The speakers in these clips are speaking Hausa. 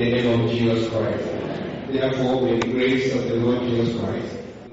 A ranar da biyar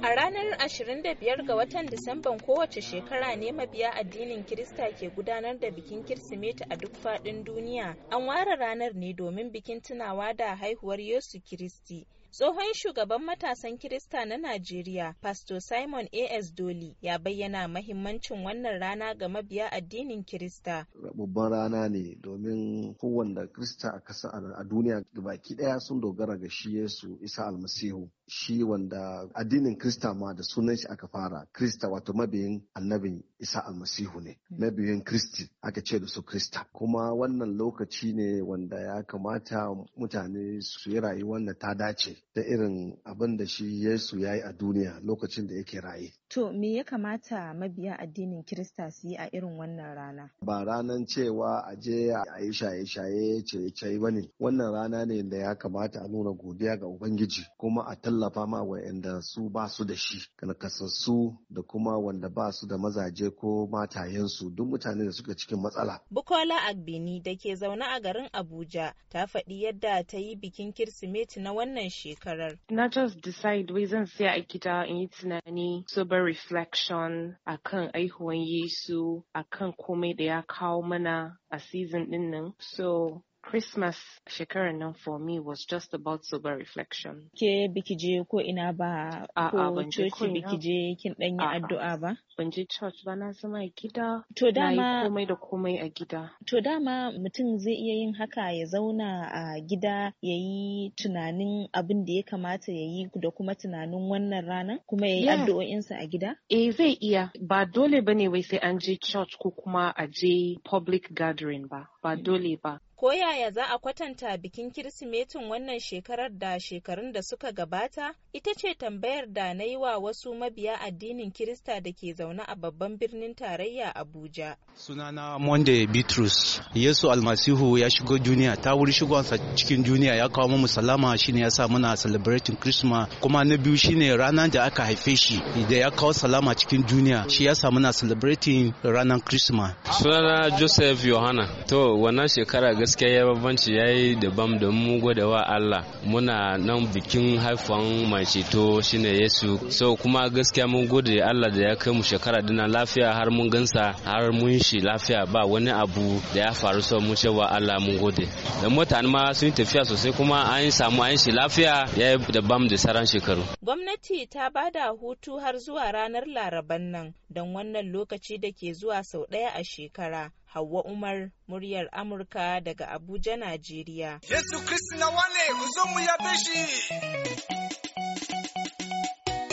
A ranar 25 ga watan Disamban kowace shekara ne mabiya addinin Kirista ke gudanar da bikin Kirsimeti a duk faɗin duniya. An ware ranar ne domin bikin tunawa da haihuwar Yesu Kiristi. Tsohon shugaban matasan Kirista na Najeriya, Pastor Simon A.S. Doli, ya bayyana mahimmancin wannan rana ga mabiya addinin Kirista. Babban rana ne domin kowanne Kirista a kasa a duniya baki ɗaya sun dogara ga shi Yesu Isa Almasihu. Shi wanda addinin Kirista ma da sunan shi aka fara, Kirista wato mabiyin annabin Isa Almasihu ne, mabiyin Kristi aka ce da su Kirista. Kuma wannan lokaci ne wanda ya kamata mutane su yi rayuwar da ta dace da irin abin da shi Yesu ya yi a duniya lokacin da yake raye. To me ya kamata mabiya addinin Kirista su yi a irin wannan rana? Ba ranan cewa a je a yi shaye-shaye ce cire ba ne. Wannan rana ne da ya kamata a nuna godiya ga Ubangiji kuma a tallafa ma wa'anda su ba su da shi, nakasassu da kuma wanda ba su da mazaje ko matayensu duk mutane da suka cikin matsala. Bukola Agbini da ke zaune a garin Abuja ta faɗi yadda ta yi bikin Kirsimeti na wannan shekarar. Na just decide wai zan siya a gida in yi tunani Bible reflection akan aihuwan Yesu akan komai da ya kawo mana a season din nan. So Christmas shekarar nan for me was just about sober reflection. Ke biki je ko ina ba ko coci biki je kin dan yi addu'a ba? Ban je church ba na zama a gida. To dama komai da komai a gida. To dama mutum zai iya yin haka ya zauna a gida ya yi tunanin abin da ya kamata ya yi da kuma tunanin wannan rana? kuma ya yi addu'o'insa a gida? Eh zai iya ba dole bane wai sai an je church ko kuma a je public gathering ba ba mm. dole ba Ko yaya za a kwatanta bikin Kirsimetin wannan shekarar da shekarun da suka gabata? Ita ce tambayar da na yi wa wasu mabiya addinin Kirista da ke zaune a babban birnin tarayya Abuja. Sunana Monday Bitrus, Yesu Almasihu ya shigo duniya, ta wuri shigonsa cikin duniya ya kawo mu salama shine ya sa muna celebrating Christmas, kuma na biyu shine ranar da aka haife shi da ya kawo salama cikin duniya, shi ya sa muna celebrating ranar Christmas. Sunana Joseph Yohana, to wannan shekara gaskiya ya bambanci ya yi daban da mu gwada wa Allah muna nan bikin haifan mai ceto shine Yesu so kuma gaskiya mun gode Allah da ya kai mu shekara dina lafiya har mun gansa har mun shi lafiya ba wani abu da ya faru so mun cewa Allah mun gode da mutane ma sun tafiya sosai kuma an samu an shi lafiya ya yi daban da sauran shekaru gwamnati ta bada hutu har zuwa ranar laraban nan don wannan lokaci da ke zuwa sau ɗaya a shekara Hauwa Umar, muryar Amurka daga Abuja, Najeriya. Yesu Kristi na wane, ku mu yabe shi.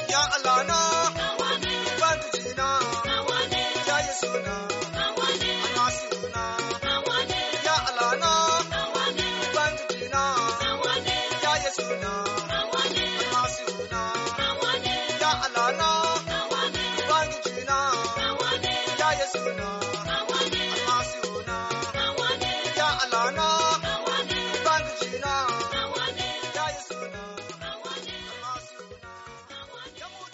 Ya Allah